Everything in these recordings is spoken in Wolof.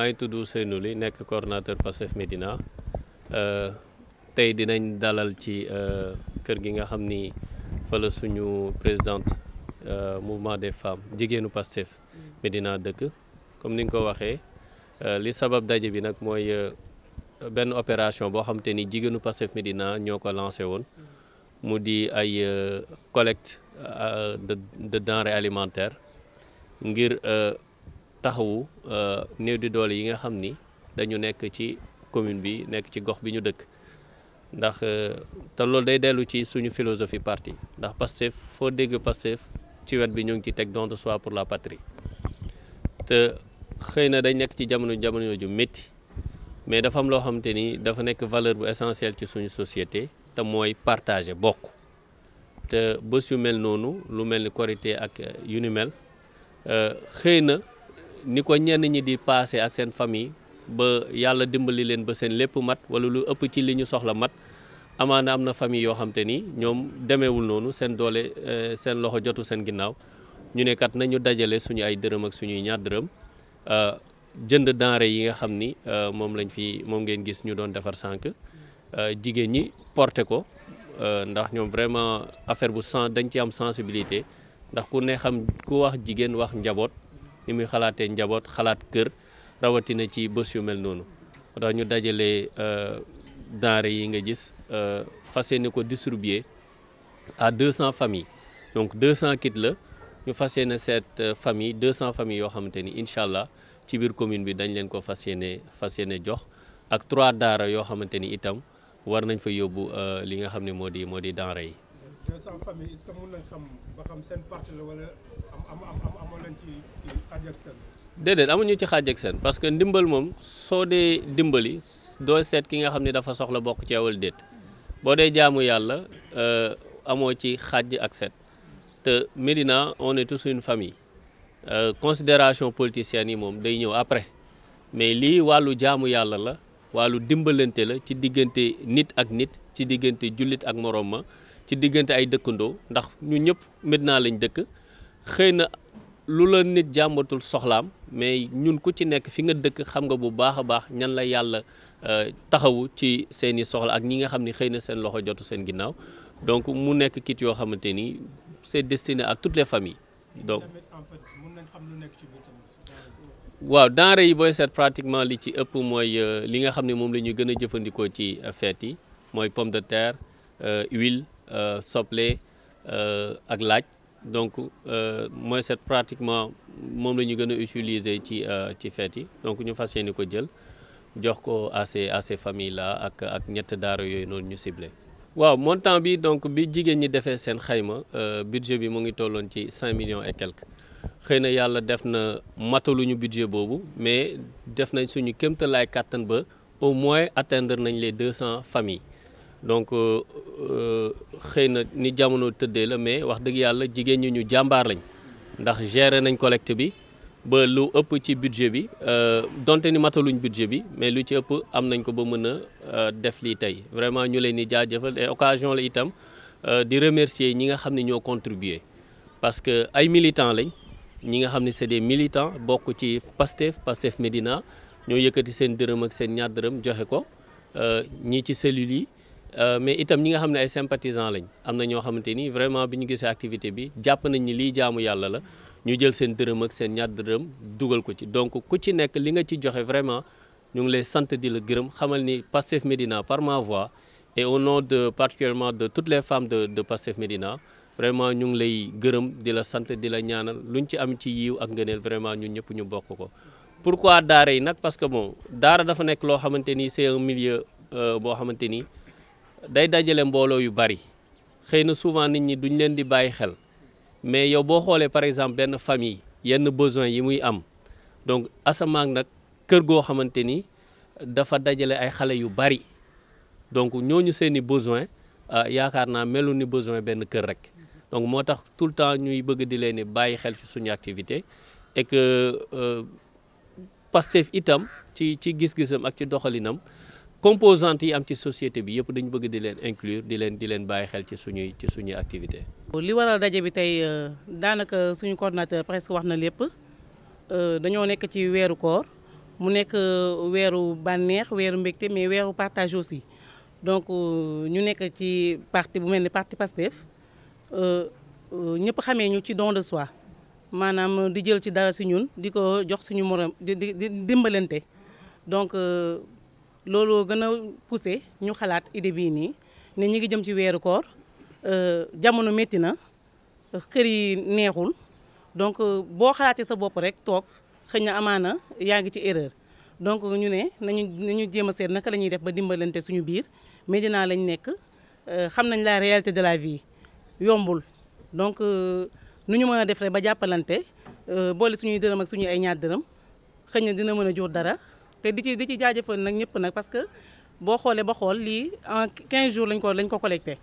maa ngi tudd Seynou Ly nekk coordonnateur Pastef Médina euh, tey dinañ dalal ci euh, kër gi nga xam ni fala suñu présidente euh, mouvement des femmes jigéenu Pastef Médina dëkk comme ni nga ko waxee li sabab daje bi nag mooy benn opération boo xam ni jigéenu Pastef Médina ñoo ko lancé woon mu di ay collecte de de denrées alimentaires ngir. taxawu euh, néew di doole yi nga xam ni dañu nekk ci commune bi nekk ci gox bi ñu dëkk ndax euh, te loolu day dellu ci suñu philosophie parti ndax Pastef foo dégg Pastef ci wet bi ñu ngi ci teg don de soi pour la patrie te xëy na dañ nekk ci jamono jamono ju métti mais dafa am loo xam te ni dafa nekk valeur bu essentielle ci suñu société te mooy partager bokk te bés yu mel noonu lu mel ni korité ak euh, yu ni mel xëy na ni ko ñenn ñi di paase ak seen famille ba yàlla dimbali leen ba seen lépp mat wala lu ëpp ci li ñu soxla mat amaana am na famille yoo xam ni ñoom demeewul noonu seen doole euh, seen loxo jotu seen ginnaaw ñu ne kat nañu dajale suñu ay dërëm ak suñuy ñaar dërëm euh, jënd denrée yi nga xam ni euh, moom lañ fi moom ngeen gis ñu doon defar sànq jigéen ñi porté ko ndax ñoom vraiment affaire bu sens dañ ci am sensibilité ndax ku ne xam ku wax jigéen wax njaboot. ni muy xalaatee njaboot xalaat kër rawatina ci bës yu mel noonu moo tax ñu dajalee euh, denrées yi nga gis euh, fas yéene ko distribuer à 200 familles donc 200 kit la ñu fas yéene cette euh, famille 200 familles yoo xamante ni incha allah ci biir commune bi dañu leen ko fas yéene fas yéene jox ak trois daara yoo xamante ni itam war nañ fa yóbbu li nga xam ne moo di moo di denrées yi. 200 familles est-ce que mën seen parti la wala am am am ci xaaj ak seen. déedéet amuñu ci xaaj ak seen parce que ndimbal moom soo dee dimbali doo seet ki nga xam ne dafa soxla bokk ci wala déet boo dee jaamu yàlla euh, amoo ci xaaj ak seen te Médina on est tous une famille euh, considération politicienne yi moom day ñëw après mais lii wàllu jaamu yàlla la wàllu dimbalante la ci diggante nit ak nit ci diggante jullit ak moroom ma ci diggante ay dëkkandoo ndax ñu ñëpp Médina lañ dëkk xëy na lu la nit jàmbatul soxlaam mais ñun ku ci nekk fi nga dëkk xam nga bu baax a baax ñan la yàlla euh, taxawu ci seeni soxla ak ñi nga xam ni xëy na seen loxo jotu seen ginnaaw donc mu nekk kit yoo xamante ni c'est destiné à toutes les familles donc waaw denrée yi booy seet pratiquement li ci ëpp mooy euh, li nga xam ne moom la ñuy gën a jëfandikoo ci euh, feet yi mooy pomme de terre huile Euh, soble euh, ak laaj donc euh, mooy set pratiquement moom la ñu gën a utiliser ci ci fête yi donc ñu fas ni ko jël jox ko à ces à ces familles ak ak ñett daara yooyu noonu ñu ciblé. waaw montant bi donc bi jigéen ñi defee seen xayma budget bi mu ngi tolloon ci cinq millions et quelques xëy na yàlla def na ñu budget boobu mais def nañ suñu kéemtalaay kàttan ba au moins atteindre nañ les deux cent familles. donc euh, euh, xëy na ni jamono tëddee la mais wax dëgg yàlla jigéen ñi ñu jàmbaar lañ ndax gérer nañ collect bi ba lu ëpp ci budget bi euh, donte ni mataluñ budget bi mais lu ci ëpp am nañ ko ba mën a def lii tey vraiment ñu leen di jaajëfal et occasion la itam di remercier ñi nga xam ne ñoo contribuer parce que ay militants lañ ñi nga xam ne c'est des militants bokk ci Pastef Pastef Médina ñoo yëkkati seen dërëm ak seen ñaar dërëm joxe ko ñii ci cellules yi. Euh, mais itam ñi nga xam ne ay sympathisants lañ am na ñoo xamante ni vraiment bi ñu gisee activité bi jàpp nañ ni lii jaamu yàlla la ñu jël seen dërëm ak seen ñaar dërëm dugal ko ci donc ku ci nekk li nga ci joxe vraiment ñu ngi lay sant di la gërëm xamal ni Pastef Médina par ma voix et au nom de de toutes les femmes de de Pastef Médina vraiment ñu ngi lay gërëm di la sant di la ñaanal luñ ci am ci yiw ak ngëneel vraiment ñu ñëpp ñu bokk ko. pourquoi daara yi nag parce que bon daara dafa nekk loo xamante ni c'est un milieu euh, boo xamante ni. day dajale mbooloo yu bari xëy na souvent nit ñi duñ leen di bàyyi xel mais yow boo xoolee par exemple benn famille yenn besoin yi muy am donc asamaak nag kër goo xamante ni dafa dajale ay xale yu bari donc ñooñu seeni besoin ah, yaakaar naa melu ni besoin benn kër rek donc moo tax tout le temps ñuy bëgg di leen bàyyi xel ci suñu activité et que euh, itam ci ci gis-gisam ak ci doxalinam composantes yi am ci société bi yëpp dañu bëgg di leen inclure di leen di leen bàyyi xel ci suñuy ci suñuy activité li waral daje bi tey euh, daanaka suñu coordinateur presque wax na lépp euh, dañoo nekk ci weeru koor mu nekk euh, weeru bànneex weeru mbégte mais weeru partage aussi donc ñu nekk ci parti bu mel ni parti Pastef ñëpp xamee ñu ci don de soi maanaam di jël ci dara si ñun di ko jox suñu morom di di dimbalante donc looloo gën a poussé ñu xalaat idée bii nii ne ñu ngi jëm ci weeru koor euh, jamono métti na kër yi neexul donc euh, boo xalaatee sa bopp rek toog xëñ na amaana yaa ngi ci erreur donc ñu ne nañu nañu jéem a seet naka la ñuy def ba dimbalante suñu biir Médina lañ nekk euh, xam nañ la réalité de la vie yombul donc nu ñu mën a def rek ba jàppalante boole suñuy dërëm ak suñuy ay ñaar dërëm xëñ na dina mën a jur dara te di ci di ci jaajëfal nag ñëpp nag parce que boo xoolee ba xool lii en 15 jours lañ ko lañ ko collecté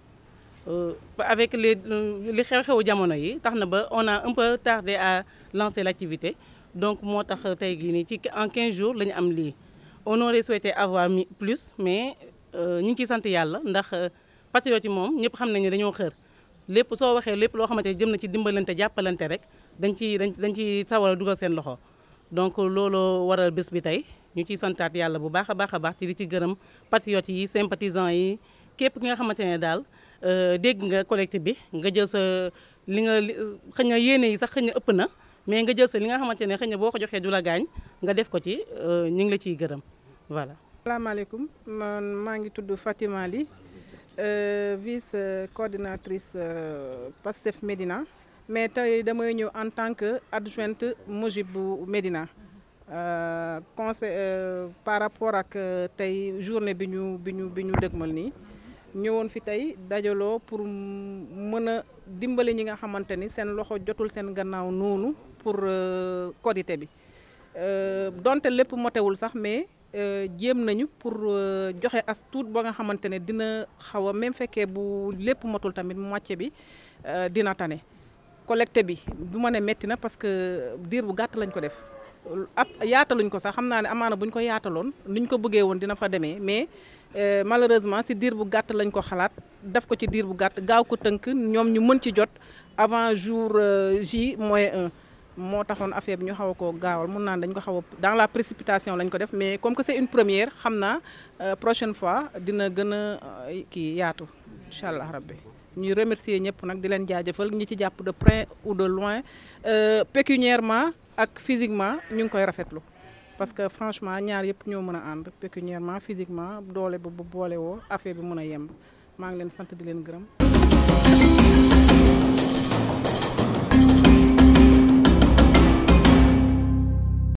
euh, avec les euh, li xew-xewu jamono yi tax na ba on na un peu tardé à lancer l'activité donc moo tax tey gii nii ci en quinze jours la ñu am lii on aurait souhaité avoir plus mais euh, ñu ngi ciy sant yàlla ndax patriote yi moom ñëpp xam nañu dañoo xër lépp soo waxee lépp loo xamante ne jëm na ci dimbalante jàppalante rek dañ ci dañ dañ ci sawar dugal seen loxo donc looloo waral bés bi tey ñu ciy santaat yàlla bu baax a baax a baax ci di ci gërëm patriotes yi sympathisants yi képp ki nga xamante ne daal euh, dégg nga collectif bi nga jël sa li nga xëy na yéene yi sax xëy na ëpp na mais nga jël sa li nga xamante ne xëy na boo ko joxee du la gaañ nga def ko ci euh, ñu ngi la ciy gërëm voilà. salaamaaleykum man maa ngi tudd Fatima Ly euh, vice coordinatrice PASTEF Médina mais tey damay ñëw en tant que adjointe Mojib bu Médina. Euh, conseil euh, par rapport ak euh, tey journée bi ñu bi ñu bi ñu dëgmal nii ñëwoon fi tey dajaloo pour mën a dimbali ñi nga xamante ni seen loxo jotul seen gannaaw noonu pour codité bi donte lépp motewul sax mais jéem nañu pour joxe as ba nga xamante ne dina xaw a même fekkee bu lépp motul tamit moitié bi dina tane collecte bi du ma ne metti na parce que diir bu gàtt lañ ko def ab yaataluñ ko sax xam naa ne amaana buñ ko yaataloon niñ ko bëggee woon dina fa demee mais euh, malheureusement si diir bu gàtt lañ ko xalaat def ko ci diir bu gàtt gaaw ko tënk ñoom ñu mën ci jot avant jour euh, J moins un moo taxoon affaire bi ñu xaw a koo gaawal mun naan dañ ko xaw a dans la précipitation lañ ko def mais comme que c'est une première xam naa euh, prochaine fois dina gën a kii yaatu incha allah rabbi ñuy remercier ñëpp nag di leen jaajëfal ñu ci jàpp de près ou de loin pécuniairement ak physiquement ñu ngi koy rafetlu parce que franchement ñaar yëpp ñoo mën a ànd pécuniairement physiquement doole bu bu boole woo affaire bi mën a yemb maa ngi leen sant di leen gërëm